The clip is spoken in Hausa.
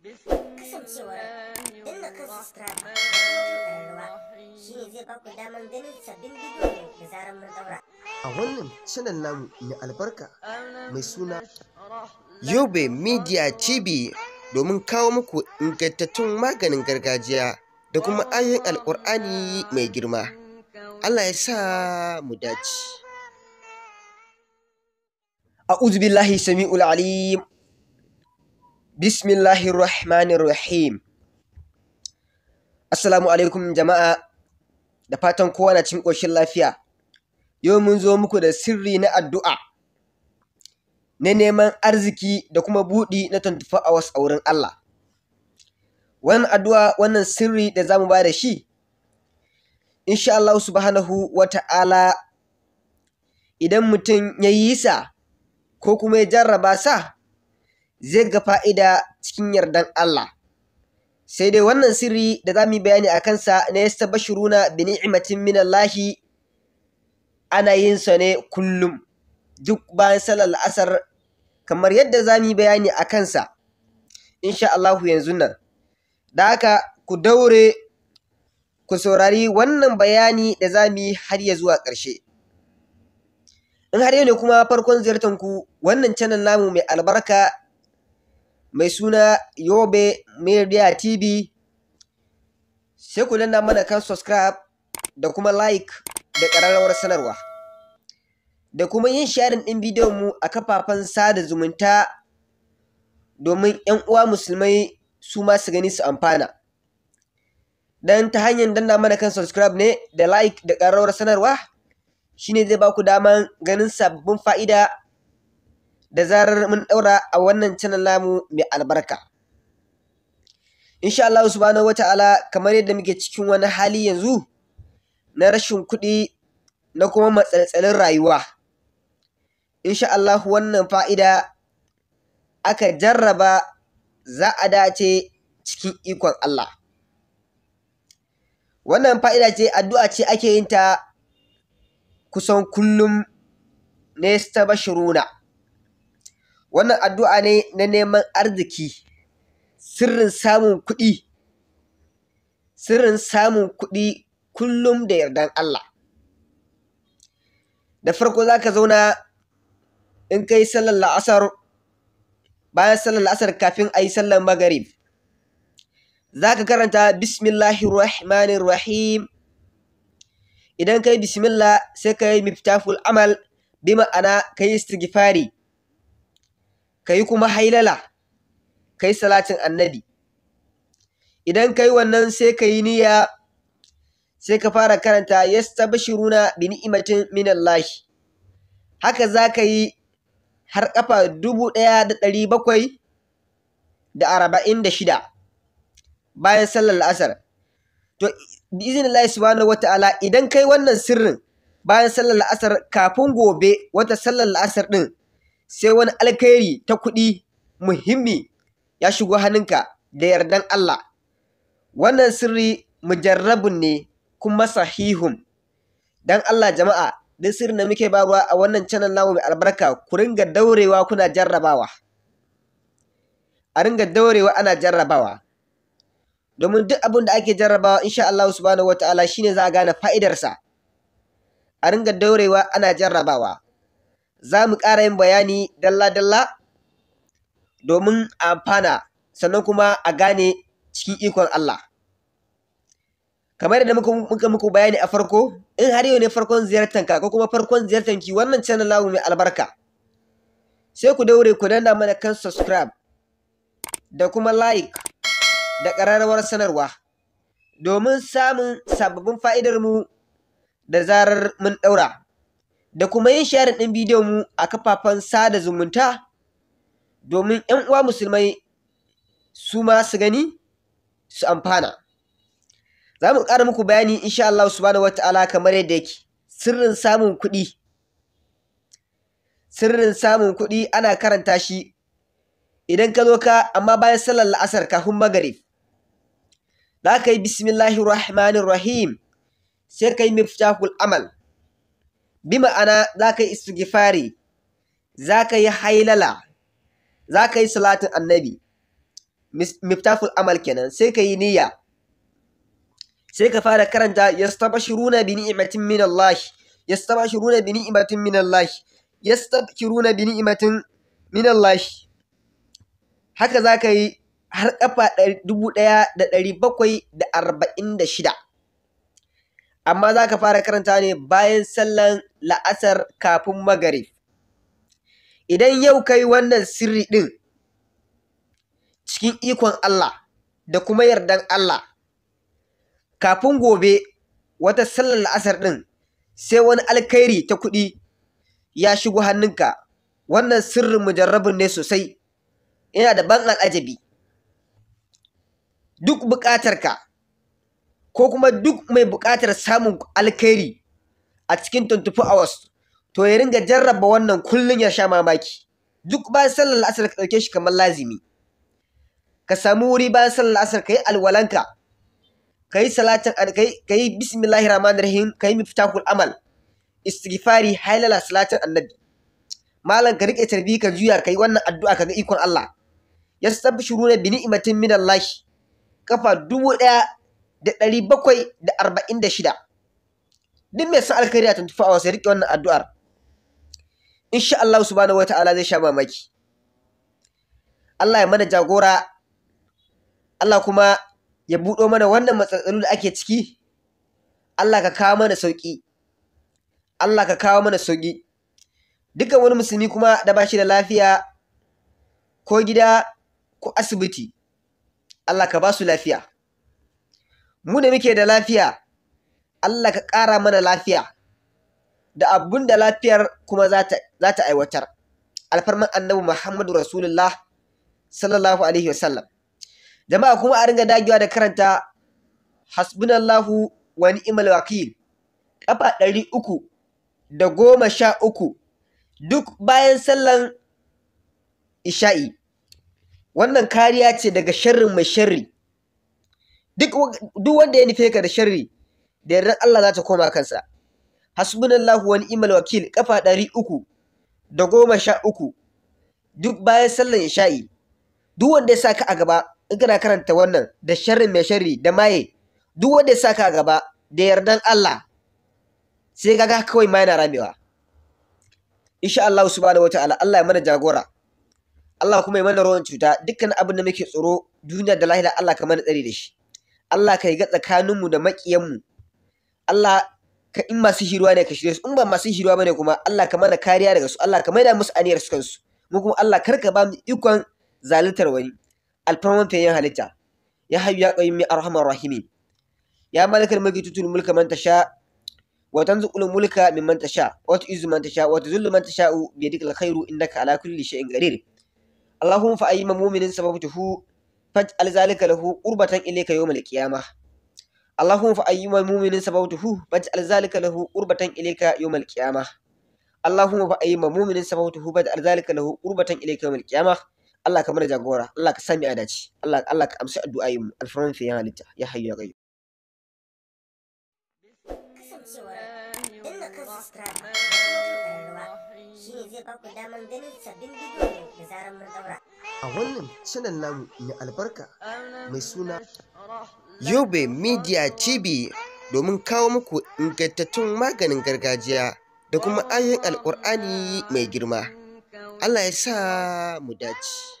kasancewar danna kan subscribe da rawa shi ne zai baku daman ganin sabbin bidiyo da zarar mun daura a wannan channel namu mai albarka mai suna yobe media tv domin kawo muku ingantattun maganin gargajiya da kuma ayoyin alkur'ani mai girma allah ya sa mu dace أعوذ بالله السميع العليم bismillahirrahmanirrahim Assalamu alaikum jama'a da fatan kowa na cin ƙoshin lafiya. Yau mun zo muku da sirri na addu'a na neman arziki da kuma buɗi na 24 hours a wurin Allah. Wannan addu'a wannan sirri da za mu ba da shi, insha Allah subhanahu wa ta'ala idan mutum ya yi sa ko kuma ya jarraba sa zai ga fa'ida cikin yardan Allah. Sai dai wannan sirri da za mu yi bayani a kansa na yasta bashiruna bi ni'imatin min Allahi ana yin sa ne kullum duk bayan salar la'asar, kamar yadda za mu yi bayani a kansa insha Allahu yanzu nan. Da haka ku daure ku saurari wannan bayani da za mu yi har ya zuwa ƙarshe. In har yau ne kuma farkon ziyartar wannan canan namu mai albarka mai suna Yobe Media TV. Sai ku danna mana kan subscribe da kuma like da ƙararrawar sanarwa. Da kuma yin sharing ɗin bidiyon mu a kafafen sada zumunta domin 'yan uwa musulmai su ma su gani su amfana. Dan ta hanyar danna mana kan subscribe ne da like da ƙararrawar sanarwa shine zai ba ku daman ganin sabbin fa'ida da zarar mun ɗaura a wannan channel namu mai albarka insha Allah subhanahu Ta'ala kamar yadda muke cikin wani hali yanzu na rashin kuɗi na kuma matsaltsalin rayuwa insha Allah wannan fa'ida aka jarraba za a dace cikin ikon Allah wannan fa'ida ce addu'a ce ake yin ta kusan kullum ne ta bashiruna wannan addu'a ne na neman arziki sirrin samun kuɗi sirrin samun kuɗi kullum da yardan Allah da farko za ka zauna in ka yi sallar la'asar bayan sallar la'asar kafin a yi sallar magarib za ka karanta bismillahirrahmanirrahim idan ka yi bismillah sai ka yi miftaful amal bi ma'ana ka yi istighfari ka yi kuma hailala ka yi salatin annabi idan ka yi wannan sai ka yi niyya sai ka fara karanta yastabshiruna bi ni'matin minallahi haka za ka yi har ƙafa dubu ɗaya da ɗari bakwai da arba'in da shida bayan sallar la'asar to bani subhanahu Ta'ala idan kai wannan sirrin bayan sallar la'asar kafin gobe wata sallar la'asar ɗin sai wani alkhairi ta kuɗi muhimmi ya shigo hannunka da yardan Allah. Wannan sirri mujarrabun ne kuma sahihun. Dan Allah jama'a, duk sirrin da muke barwa a wannan canan namu mai albarka ku ringa daurewa kuna jarrabawa. A ringa daurewa ana jarrabawa. Domin duk abin da ake jarrabawa insha Allah subhanahu shi shine za a gane fa'idarsa. A ringa daurewa ana jarrabawa. za mu ƙara yin bayani dalla-dalla domin a amfana sannan kuma a gane cikin ikon Allah. Kamar yadda muka muku bayani a farko, in har yau ne farkon ziyartanka ko kuma farkon ziyartanki wannan channel namu mai albarka. Sai ku daure ku danna mana kan subscribe da kuma like da ƙararrawar sanarwa domin samun sababbin fa'idarmu da zarar mun ɗaura. da kuma yin sharing ɗin bidiyon mu a kafafen sada zumunta domin 'yan uwa musulmai su ma su gani su amfana za mu ƙara muku bayani insha Allah subhanahu wata'ala kamar yadda yake sirrin samun kuɗi sirrin samun kuɗi ana karanta shi idan ka zo ka amma bayan sallar la'asar kafin magarib za ka yi bismillahirrahmanirrahim sai ka yi miftahul amal bi ma'ana za ka yi istighfari za ka yi hailala za ka yi salatin annabi miftaful amal kenan sai ka yi niyya sai ka fara karanta shiruna bi ni'imatin min Allah shiruna bi ni'imatin min Allah shiruna bi ni'imatin min Allah haka za ka yi har ƙafa dubu ɗaya da ɗari bakwai da arba'in da shida amma za ka fara karanta ne bayan sallan la'asar kafin magarib idan yau ka yi wannan sirri ɗin cikin ikon Allah da kuma yardan Allah kafin gobe wata sallan la'asar ɗin sai wani alkhairi ta kuɗi ya shigo hannunka wannan sirrin mujarrabin ne sosai yana da ban al'ajabi duk buƙatarka ko kuma duk mai buƙatar samun alkhairi a cikin 24 hours to ya ringa jarraba wannan kullum ya sha mamaki duk bayan sallar la'asar ka ɗauke shi kamar lazimi ka samu wuri bayan sallar la'asar ka yi alwalanka ka yi salatin ka yi bismillahi rahmanir rahim ka yi miftahul amal istighfari hailala salatin annabi malam ka riƙe tarbi ka juya ka yi wannan addu'a ka ga ikon Allah yastabshiruna bi ni'matin min Allah kafa dubu ɗaya da ɗari bakwai da arba'in da shida duk mai san alkhairi a tuntufa a wasu riƙe wannan addu'ar insha Allah subhanahu wa ta'ala zai sha mamaki Allah ya mana jagora Allah kuma ya buɗo mana wannan matsatsalu da ake ciki Allah ka kawo mana sauƙi Allah ka kawo mana sauƙi duka wani musulmi kuma da ba shi da lafiya ko gida ko asibiti Allah ka ba su lafiya mu da muke da lafiya Allah ka ƙara mana lafiya da abun da lafiyar kuma za ta aiwatar alfarman annabi Muhammadu Rasulullah sallallahu alaihi wasallam jama'a kuma a ringa dagewa da karanta hasbunallahu wa ni'mal wakil Ƙafa ɗari uku da goma sha uku duk bayan sallan isha'i wannan kariya ce daga sharrin mai sharri duk wanda ya nufe ka da sharri da yardar Allah za ta koma kansa hasbunallahu wa ni'mal wakil kafa ɗari uku da goma sha uku duk bayan sallan isha'i duk wanda ya sa ka a gaba in kana karanta wannan da sharrin mai sharri da maye duk wanda ya sa ka a gaba da yardan Allah sai kaga kawai ma yana ramewa insha Allah subhanahu wataala Allah ya mana jagora Allah kuma ya mana ruwan cuta dukkan abin da muke tsoro duniya da lahira Allah ka mana tsari da shi Allah ka yiga tsakaninmu da maƙiyanmu Allah ka in masu hirwa ne ka shirye su in ba masu hirwa bane kuma Allah ka mana kariya daga su Allah ka maida musu aniyar su kansu mu kuma Allah kar ka ba mu ikon zaluntar wani alfarman fayyan halitta ya hayyu ya qayyim ya arhamar rahimin ya malikal mulki tutul mulka man tasha wa tanzuqul mulka mimman tasha wa tu'izzu man tasha wa tuzillu man tasha bi yadika alkhairu innaka ala kulli shay'in qadir اللهم فأيما مؤمن سببته faj'al zalika lahu qurbatan ilayka yawmal qiyamah Allahumma fa ayyuma mu'minin sabautuhu faj'al zalika lahu qurbatan ilayka yawmal qiyamah Allahumma fa ayyuma mu'minin sabautuhu faj'al zalika lahu qurbatan ilayka yawmal qiyamah Allah ka mana jagora Allah ka sami adaci Allah Allah ka amsa addu'ayin mu alfaran fi halitta ya hayyu ya qayyum shi a wannan channel namu mai albarka mai suna Yobe Media TV domin kawo muku ingantattun maganin gargajiya da kuma ayyukan alkur'ani mai girma. Allah ya sa mu dace.